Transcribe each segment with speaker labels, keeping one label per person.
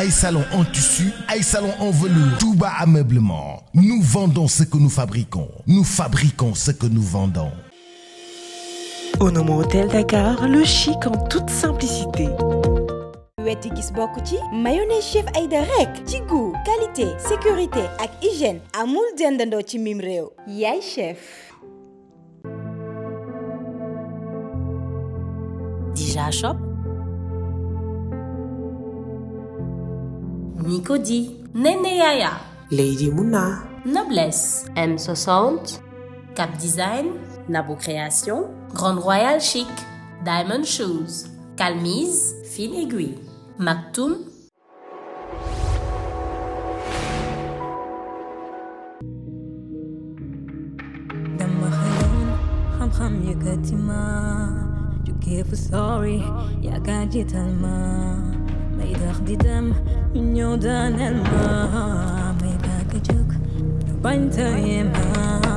Speaker 1: Aïe salon en tissu Aïe salon en velours tout bas Ameublement nous vendons ce que nous fabriquons nous fabriquons ce que nous vendons Au nom Hôtel Dakar le chic en toute simplicité
Speaker 2: wetti gis mayonnaise chef Aïda rek ci goût qualité sécurité ak hygiène amul dendandoo ci mim rew. Yay chef Dija Shop Nicodie, Nene Yaya,
Speaker 3: Lady Muna,
Speaker 2: Noblesse, M60, Cap Design, Nabo Création, Grande Royal Chic, Diamond Shoes, Calmise, Fine Aiguille, Maktoum, ما يداخدي دم من يودان الماء ما يباقي جوك بنت يمام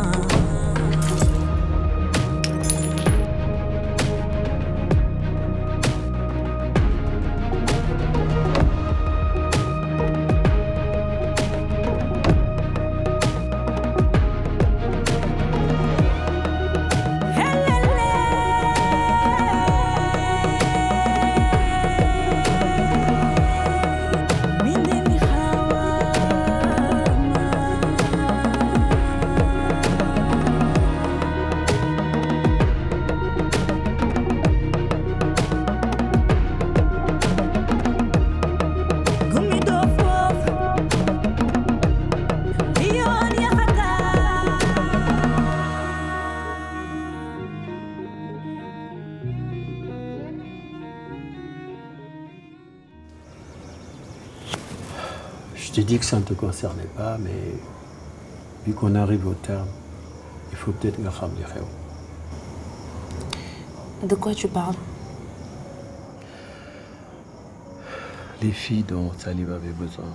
Speaker 4: Je t'ai dit que ça ne te concernait pas, mais vu qu'on arrive au terme, il faut peut-être ma femme li réaux.
Speaker 2: De quoi tu parles
Speaker 4: Les filles dont Salib avait besoin,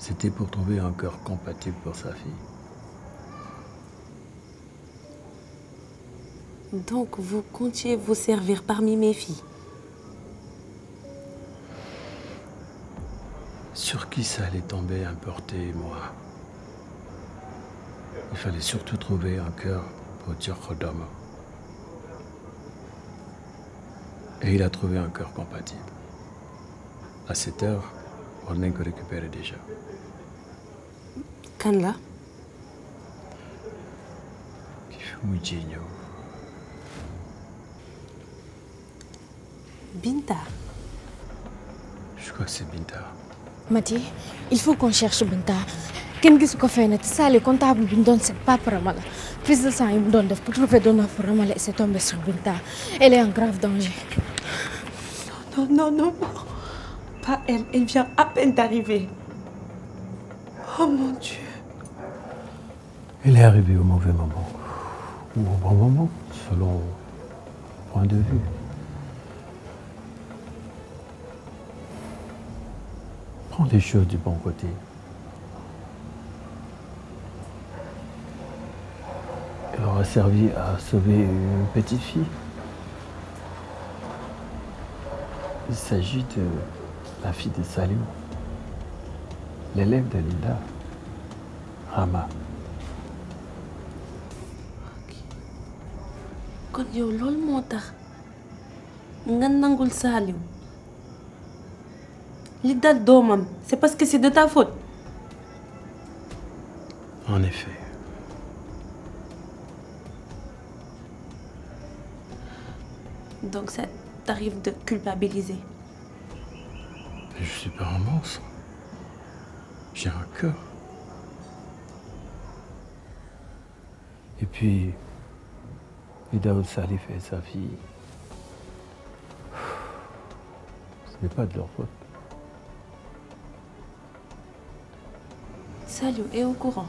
Speaker 4: c'était pour trouver un cœur compatible pour sa fille.
Speaker 2: Donc vous comptiez vous servir parmi mes filles
Speaker 4: Si ça allait tomber importé moi Il fallait surtout trouver un cœur pour Diorchodom. Et il a trouvé un cœur compatible. À cette heure, on n'a que récupéré déjà.
Speaker 3: Kanla
Speaker 2: Binta.
Speaker 4: Je crois que c'est Binta.
Speaker 2: Mati il faut qu'on cherche Binta Qu'est-ce ko tu Ça Sali comptable bi ñu donne cette Papa Ramala prise de sang il mu donne def pour trouver peu pour Ramala et c'est tombé sur Binta elle est en grave danger. non non non pas elle elle
Speaker 3: vient à peine d'arriver oh mon Dieu.
Speaker 4: elle est arrivée au mauvais moment ou au bon moment selon point de vue. Des les choses du bon côté. Elle aura servi à sauver une petite fille. Il s'agit de la fille de Salim, l'élève de Linda, Rama.
Speaker 2: eu il a li dal c'est parce que c'est de ta faute. En effet. Donc ça t'arrive de culpabiliser.
Speaker 4: Mais je suis pas un monstre. J'ai un cœur. Et puis, ça Salif et sa fille, ce n'est pas de leur faute.
Speaker 2: Salut est au courant.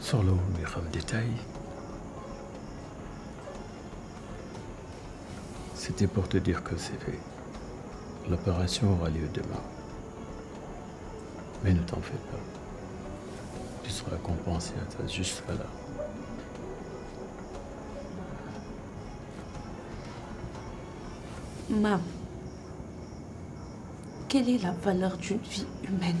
Speaker 4: Sur le mes femmes détail c'était pour te dire que c'est fait l'opération aura lieu demain mais ne t'en fais pas tu seras compensé à ta juste là.
Speaker 5: ma
Speaker 2: quelle est la valeur d'une vie humaine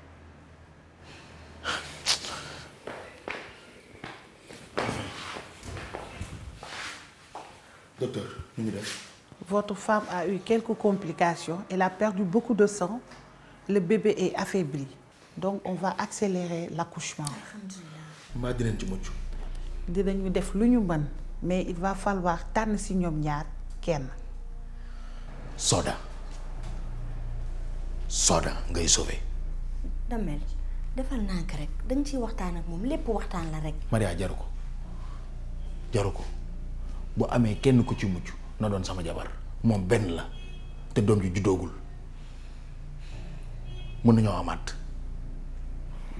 Speaker 3: Votre femme a eu quelques complications. Elle a perdu beaucoup de sang. Le bébé est affaibli. Donc, on va accélérer l'accouchement. dinañu def lu ñu mën mais il va falloir que si ñoom ñaar kenn.
Speaker 1: Soda Soda ngay sauver.
Speaker 3: Damel
Speaker 2: defal nànk rek dañ ciy waxtaan ak moom lépp waxtaan la rek.
Speaker 1: Maria jaru ko jaru ko bu amee kenn ku ci na doon sama jabar mom ben la te doom ju juddoogul mën nañu amat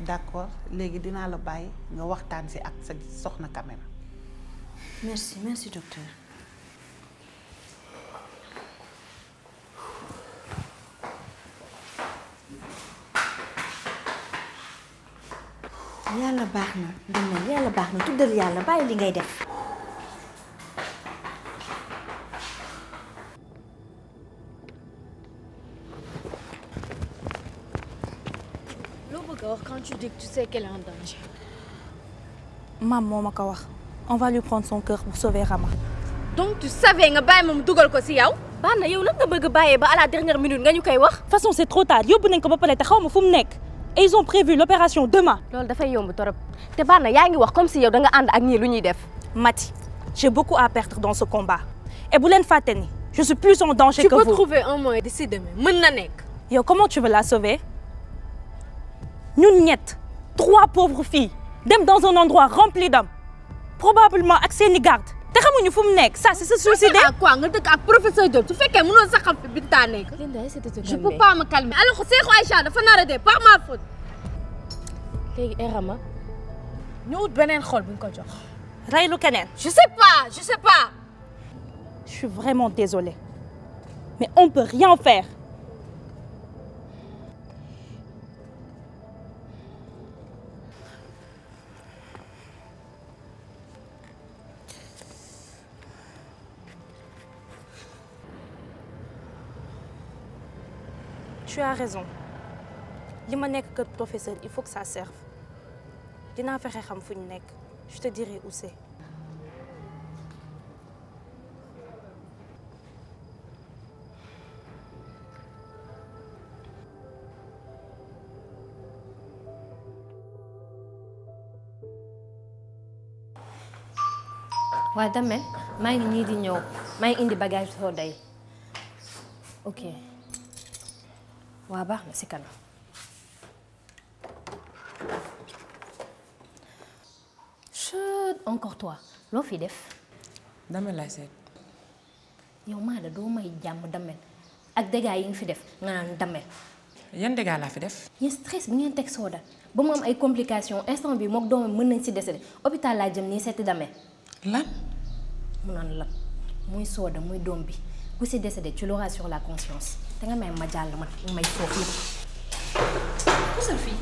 Speaker 3: d'accord léegi dina la bay nga waxtan si ak sa soxna caméra.
Speaker 5: merci merci docteur.
Speaker 2: yalla baxna na dama yàlla baax tuddal yalla baye li ngay def. dis que tu sais qu'elle est en danger. Maman, on va lui prendre son cœur pour sauver Rama. Donc tu savais que tu mom dougal ko ci yow? Bana yow nak nga bëgg bayé ba à la dernière minute nga toute wax? Façon c'est trop tard. Tu nañ ko ba palé té xawma Et ils ont prévu l'opération demain. Lol da fay yomb torop. Té Bana ya ngi wax comme si yow da nga and ak ñi Mati, j'ai beaucoup à perdre dans ce combat. Et Boulène Fateni, je suis plus en danger tu que vous. Tu peux trouver un moyen d'ici demain. Mën Yo comment tu veux la sauver? Nous, trois pauvres filles dans un endroit rempli d'hommes probablement ak seeni garde te xamuñu fu mu ça c'est se suicider. Tu quoi nga dëkk ak professeur Job. Tu fais mënoo sax xam fi Binta Je je peux pas me calmer. alors Cheikhou Aïcha dafa nar pas pas par ma faute. léegi eh, Rama... ñu ut beneen xol bu ñu ko jox. rey lu je sais pas je ne sais pas. je suis vraiment désolée mais on peut rien faire. tu as raison li ma suis que professeur il faut que ça serve dinaa fexe xam fu ñu nekk je te dirai où c'est Madame, je maa ngi nii di ñëw indi bagage day ok waa baax na si kanam chut encore toi loo fi def damel Yo ma yow douma da doo may jàmm damel ak dégâts yi nga fi def nga Yen damel
Speaker 3: yan dégâts laa fi def
Speaker 2: yéen stress bi ngeen teg sooda ba mu am ay complications instant bi mook doomam mën nañ si décédé hôpital la jëm nii seeti damel lan mu naan lan muy soda, muy doom bi ku si décédé tu l'auras sur la conscience tu as même ma jàll man may foofu yëpp. kusal fii. fille?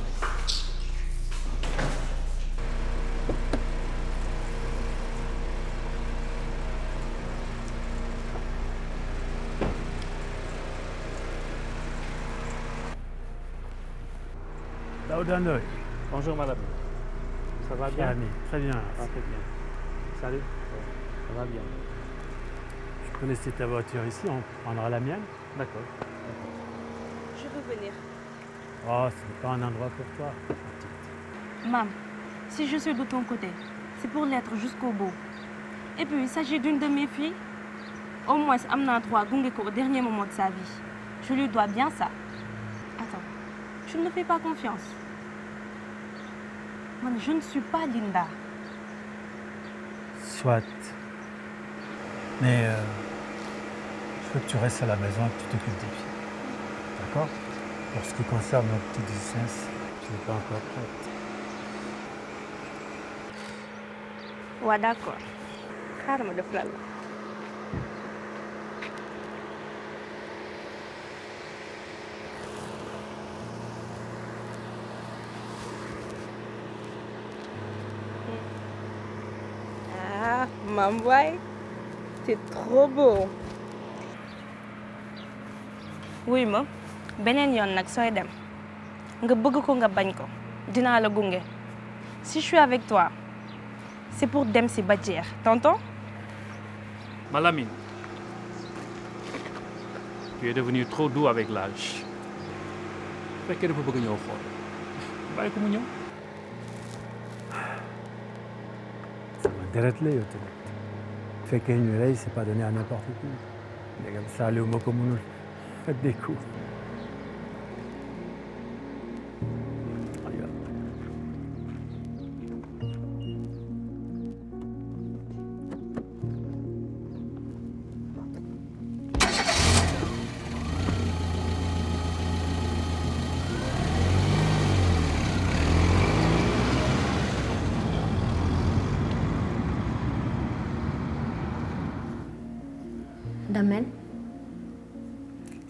Speaker 4: Ndoye.
Speaker 6: Bonjour madame. Ça va bien ami. Très bien. va ah, très bien. Salut.
Speaker 4: Ça va bien. Je connaissais ta voiture ici, on prendra la mienne.
Speaker 6: D'accord.
Speaker 2: Je veux venir.
Speaker 4: Oh, ah, ce n'est pas un endroit pour toi,
Speaker 2: Maman, si je suis de ton côté, c'est pour l'être jusqu'au bout. Et puis, il s'agit d'une de mes filles. Au moins, Amna droit à au dernier moment de sa vie. Je lui dois bien ça. Attends, tu ne me fais pas confiance. je ne suis pas Linda.
Speaker 4: Soit. Mais euh, je veux que tu restes à la maison et que tu t'occupes des filles. D'accord.. En ce qui concerne ma petite licence, je n'ai pas encore prête.
Speaker 2: Ouais, d'accord. Calme de flamme. Ah, Mamboy, c'est trop beau. Oui, maman..! benen yon nak soy dem nga bëgg ko nga bañ ko dina la gungé si je suis avec toi c'est pour dem si ba t'entends
Speaker 6: Malamine tu es devenu trop doux avec l'âge fekkee dafa bëgg ñëw xool bàyyi ko mu ñëw
Speaker 4: sama deret la yow tamit fekkee ñu lay c'est pas donné à n'importe qui ça, le ma ko mënul dégg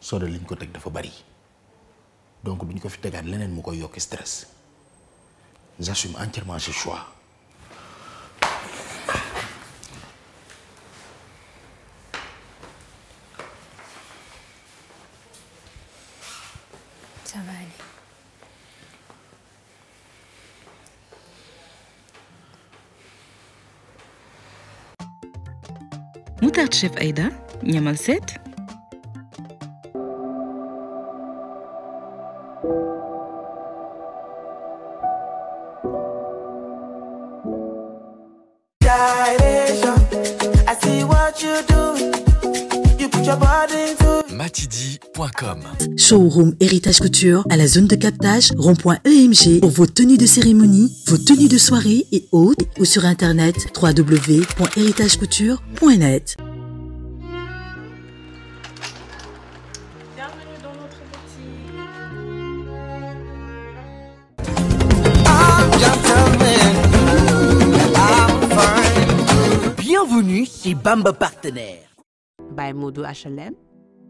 Speaker 1: solo liñ ko teg dafa bari donc duñ ko fi tegaat leneen mu koy yokk stress j'assume entièrement ce choix
Speaker 2: ça va aller متعطشة في أيضا نعمل ست Showroom Héritage Couture à la zone de captage rond.emg pour vos tenues de cérémonie, vos tenues de soirée et autres ou sur internet www.héritagecouture.net.
Speaker 5: Bienvenue
Speaker 3: chez Bamba Partenaire. By Modo HLM.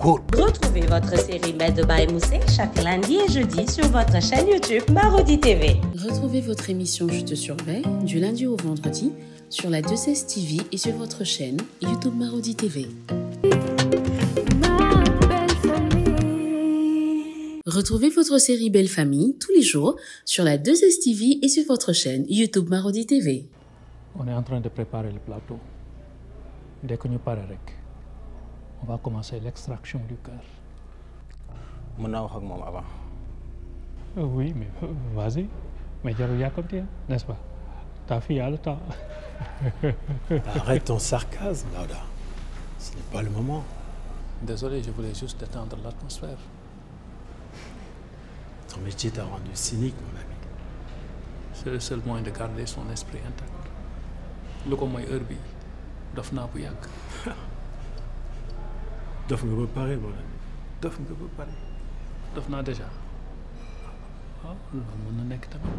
Speaker 1: Retrouvez votre série
Speaker 2: de et Moussé chaque lundi et jeudi sur votre chaîne YouTube Marodi TV. Retrouvez votre émission Je te surveille du lundi au vendredi sur la 2 TV et sur votre chaîne YouTube Marodi TV. Retrouvez votre série Belle Famille tous les jours sur la 2 TV et sur votre chaîne YouTube Marodi TV.
Speaker 6: On est en train de préparer le plateau. Dès que nous avec on va commencer l'extraction du cœur.
Speaker 1: Je ak avant.
Speaker 6: Euh, oui mais euh, vas-y mais jarul yàkkamti hein, n'est-ce pas ta fille a le temps. arrête ton sarcasme Lauda, ce n'est pas le moment. désolé je voulais juste détendre l'atmosphère. Ton métier t'a rendu cynique, mon ami. C'est le seul moyen de garder son esprit intact. Le comme heure bi,
Speaker 4: daf nga ba pare wala
Speaker 6: daf nga ba pare. daf naa déjà waaw loolu mën na nekk tamit.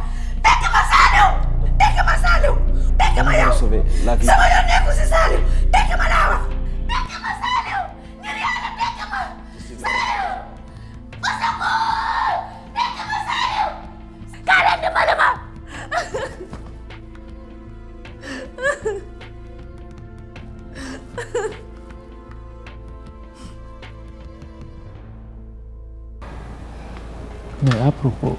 Speaker 4: Andiamo dove la vita. Siamo io
Speaker 5: ne così sale. Tecca ma lava. Tecca ma sale. Niriana tecca ma. Sale. Cosa mo? Tecca ma sale. Carende é, ma lava.
Speaker 6: Mais à propos,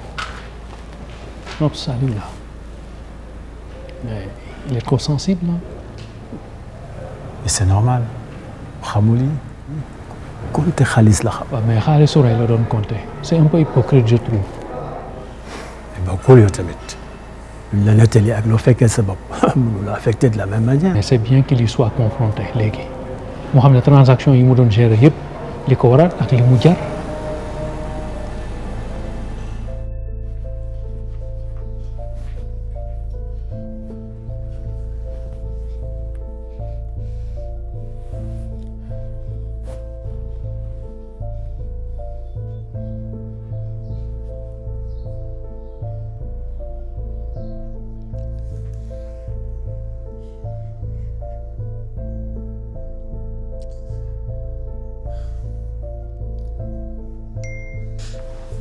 Speaker 6: notre é
Speaker 4: salut là, mais é. Il est trop sensible. Hein? Et c'est normal. Khamouli. Comptez Khalis là. Mais
Speaker 6: Khalis aurait le don compter. C'est un peu hypocrite, je trouve. Et bien, quoi, il La le avec le fait que c'est nous l'a affecté de la même manière. Mais c'est bien qu'il y soit confronté, les gars. Mohamed, la transaction, il m'a donné gérer. Les Korans, avec les Moudjars.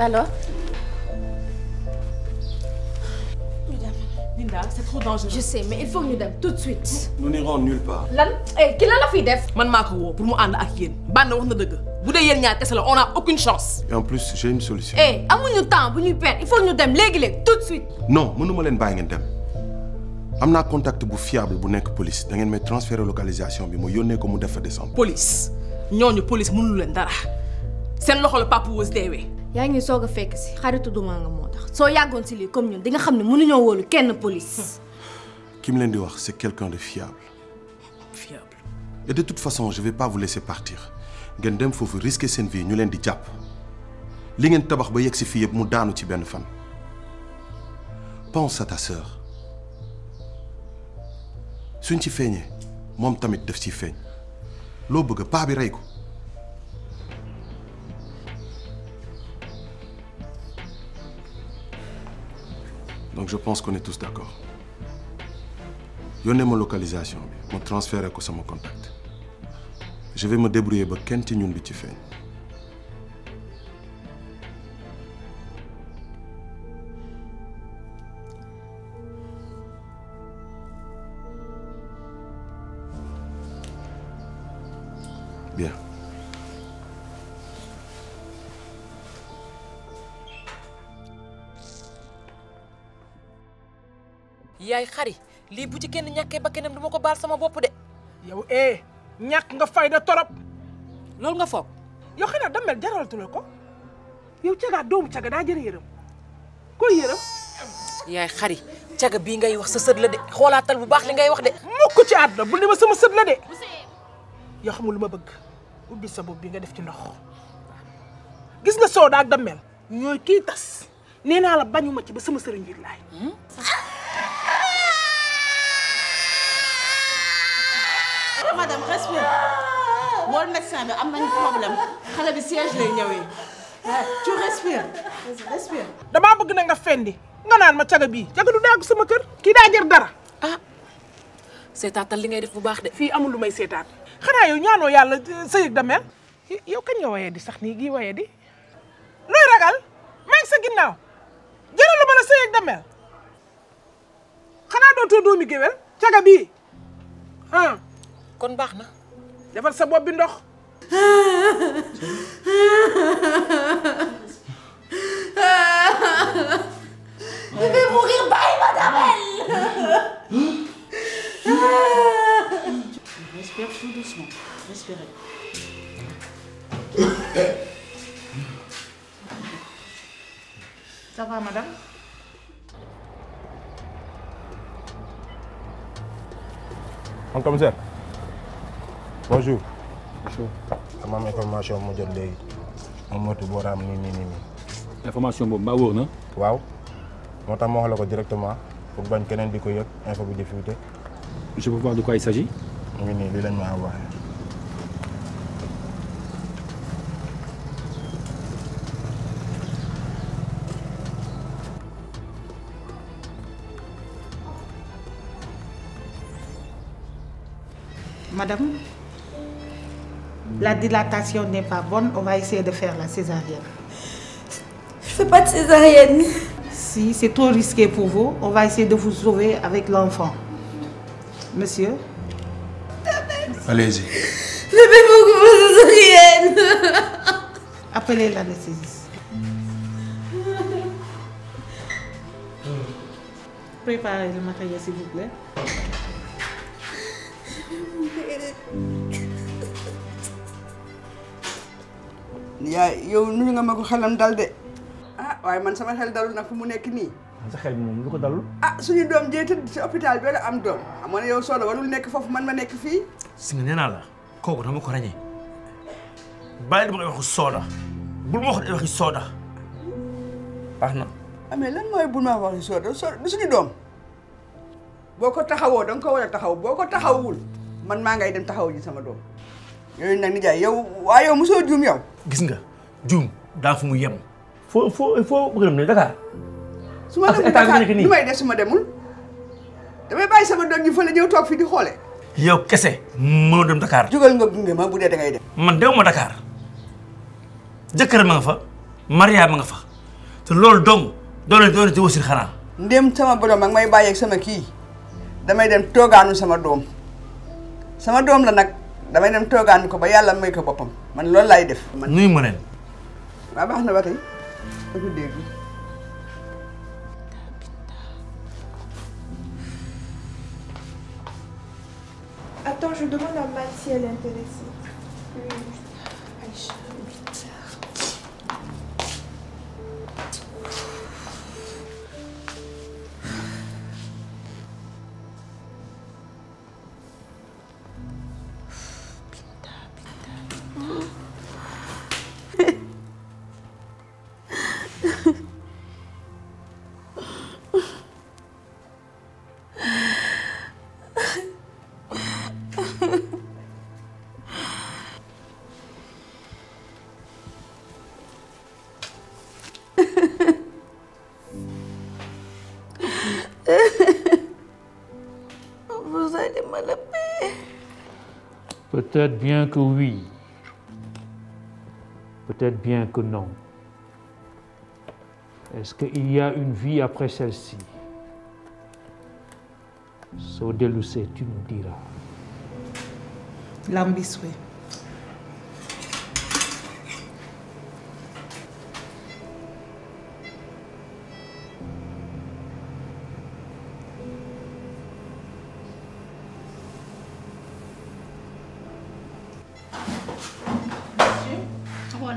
Speaker 2: Alors
Speaker 3: Linda, c'est trop dangereux. Je sais, mais il faut que nous dem tout de suite.
Speaker 7: Nous n'irons nulle part.
Speaker 3: Lan Eh, qui l'a fait def Man m'a pour moi and ak yeen. on ne dégue. deug. Bu dé yeen ñaar on a aucune chance.
Speaker 7: Et en plus, j'ai une solution.
Speaker 3: Eh, amuñu temps bu ñuy perdez. Il faut que nous dem légui tout de suite.
Speaker 7: Non, mënuma len bay y dem. am naa contact bu fiable bu nekk police da me may transférer localisation bi ma yónnee ko mu def fa
Speaker 3: police ñooñu police mënul leen dara seen loxo le papou Wos deewee
Speaker 2: yaa soga soog a fekk si xaritu duma nga moo tax soo yàggoon si lii comme ñun di nga xam ne mënuñoo wóolu kenn police.
Speaker 7: kim mu leen di wax c'est quelqu'un de fiable. fiable. et de toute façon je vais pas vous laisser partir ngeen dem foofu risquer seen vie ñu leen di jàpp li ngeen tabax ba yegg si fii yëpp mu daanu ci benn fan. pense à ta sœur suñ ci feeñee moom tamit def ci feeñ loo bëgg paa bi rey ko. Donc je pense qu'on est tous d'accord. yónnee ma localisation mon transfert transféré ko contact je vais me débrouiller pour kenn ñun
Speaker 3: li bu ci kenn ñaké ba kenam duma ko bal sama bop de yow ya, eh ñak nga da torop loolu nga yo xina kan da damel jaral tu ko yow cagaa doomu caga da jër yërëm Ko yërëm yaay xari caga bi ngay wax sa seud la de xoolaatal bu baax li ngay wax de mukk ci àdduna bu ne sama seud la de yo xamul lu ma bëgg ubbi sa bop bi nga def ci ndox gis nga da ak la bañuma ci ba sama madame respect wool médecin am nañ problème xale bi siège lay ñëwee tu respire respire damaa bëgg na nga fendi nga naan ma caga bii caga du dagg sama kër kii daa jër dara ah. li ngay def bu baax de fii amul lu may seetaan xanaa yow ñaanoo yàlla euh, sa yëg da mel yow kañ nga di sax nii gii waye di looy ragal maa sa ginnaaw jëralu ma la sa yëg da xanaa dootoo doomi géwél caga Il y a defal sa bindor. Je vais mourir
Speaker 2: bye, Madame
Speaker 3: Respire tout doucement. Respirez. Ça va, madame
Speaker 7: En commissaire Bonjour.
Speaker 1: Bonjour. Comment information mo ma jot léegi Mo motu boram ni ni ni. information boobu mbaa wóor na. waaw moo tax ma wax directement pour bañ kenen di ko yëg info bi di
Speaker 4: je peux voir de quoi il s'agit.
Speaker 1: mu ngi nii lañ ma envoyé.
Speaker 3: madame. La dilatation n'est pas bonne, on va essayer de faire la césarienne. Je ne fais pas de césarienne. Si c'est trop risqué pour vous, on va essayer de vous sauver avec l'enfant. Monsieur Allez-y. Je ne fais pas de césarienne. Appelez l'anesthésiste. Préparez le matériel, s'il vous plaît.
Speaker 5: yaa yow nu ñu nga ma ko xelam dal de ah waaye man sama xel dalul nag fu mu nekk nii. xel bi moom lu ko dalul. ah suñu doom jee tëdd ci hôpital am doom xam nga yow solo warul nekk foofu man ma nekk fii.
Speaker 1: si nee naa la kooku dama ko ràññee bàyyi la ma waxu sooda
Speaker 5: bul ma wax na. amee ah, lan mooy bul ma waxi sooda sooda du doom boo ko taxawoo danga ko war a taxaw boo ko taxawul man maa ngay dem taxaw ji sama doom. nak ni nijaay ya, yow waaye yow mosoo juum yow. Ya. gis nga djum
Speaker 1: da fu mu yem. fo fo fo bëgg dem Dakar.
Speaker 5: suma dem demul Dakar lu may def ma demul. damay bay sama doon ñu la ñew tok fi di xolé
Speaker 1: yow kese mënoo dem Dakar.
Speaker 5: jugal nga gungé ma bu da ngay dem.
Speaker 1: man dem ma Dakar jëkër ma nga fa Maria ma nga fa té lool dong la doon ci wosir xanaa.
Speaker 5: ndem sama borom ak may ak sama ki. damay dem toganu sama dom. sama dom la nak damay dem toogaan ko ba yàlla may ko boppam man loolu laay def. man nuyu ma leen. waaw baax na ba tey dafa dégg. Attends, je demande à Mathie si elle Oui.
Speaker 6: Peut-être bien que oui, peut-être bien que non. Est-ce qu'il y a une vie après celle-ci Saudeloussé, tu nous diras.
Speaker 3: L'ambition.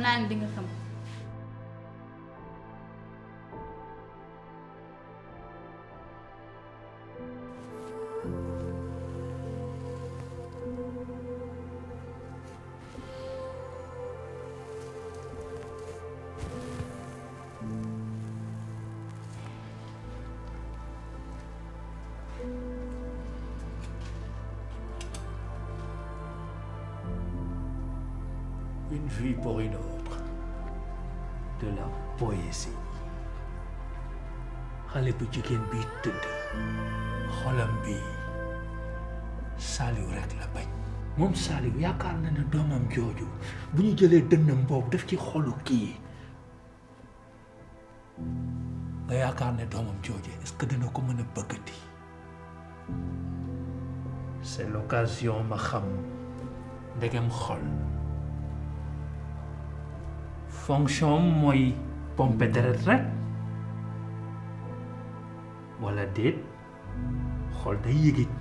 Speaker 2: naan di nga
Speaker 6: une vie pour une autre. lépp bu jigéen bi tëdd xolam bi Saliou rek la bañ moom Saliou yaakaar na ne doomam jooju bu ñu jëlee dënnam boobu daf ci xolu kii nga yaakaar ne doomam jooju est-ce que dina ko mën a bëggati c'est l'occasion ma xam ndegem xol fonction mooy pompe deret rek wala déet xol day yëgit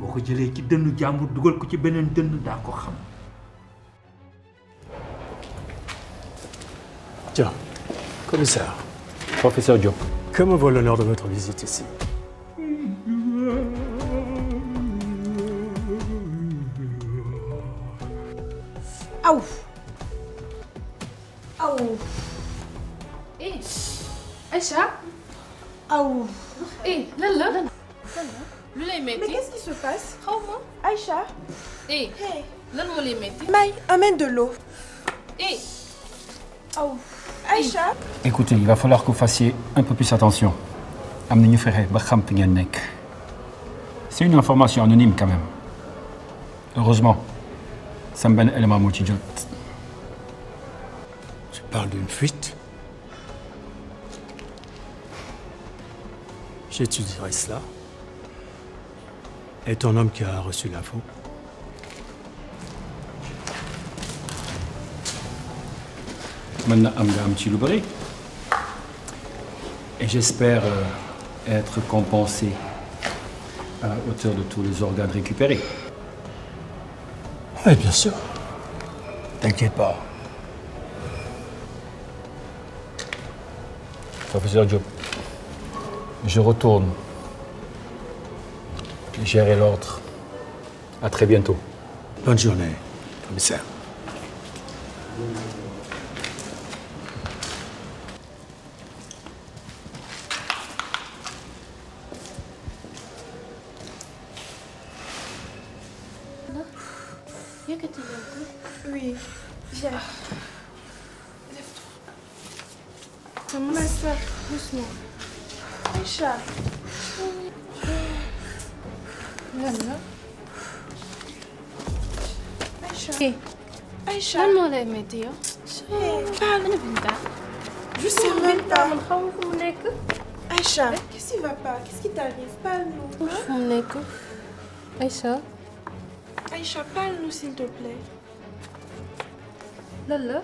Speaker 6: boo ko jëlee ci dënnu jàmbur dugal ko ci beneen dënn daa ko xam
Speaker 4: tiens commissaire professeur Diop que me vaut l'honneur de votre visite ici
Speaker 3: aw
Speaker 2: aw eh Aïcha Oh. eh lan la metti mais qu'est-ce qui se passe xaw Aïcha eh lan moo lay metti Maï.. amène de l'eau eh Oh. Aïcha
Speaker 4: écoutez il va falloir que vous fassiez un peu plus attention am ñu ba c'est une information anonyme quand même heureusement ça benn élément tu parles d'une fuite J'étudierai cela. Et ton homme qui a reçu l'info Et j'espère euh, être compensé à la hauteur de tous les organes récupérés. Oui, bien sûr. T'inquiète pas. Professeur job. Je retourne gérer l'ordre. À très bientôt. Bonne journée, commissaire. je شوية
Speaker 2: تعال pas. Je sais même pas. Aïcha, qu'est-ce qui va pas Qu'est-ce qui t'arrive Parle-nous. Hein? Aïcha.
Speaker 5: Aïcha, parle-nous s'il te plaît. Lala.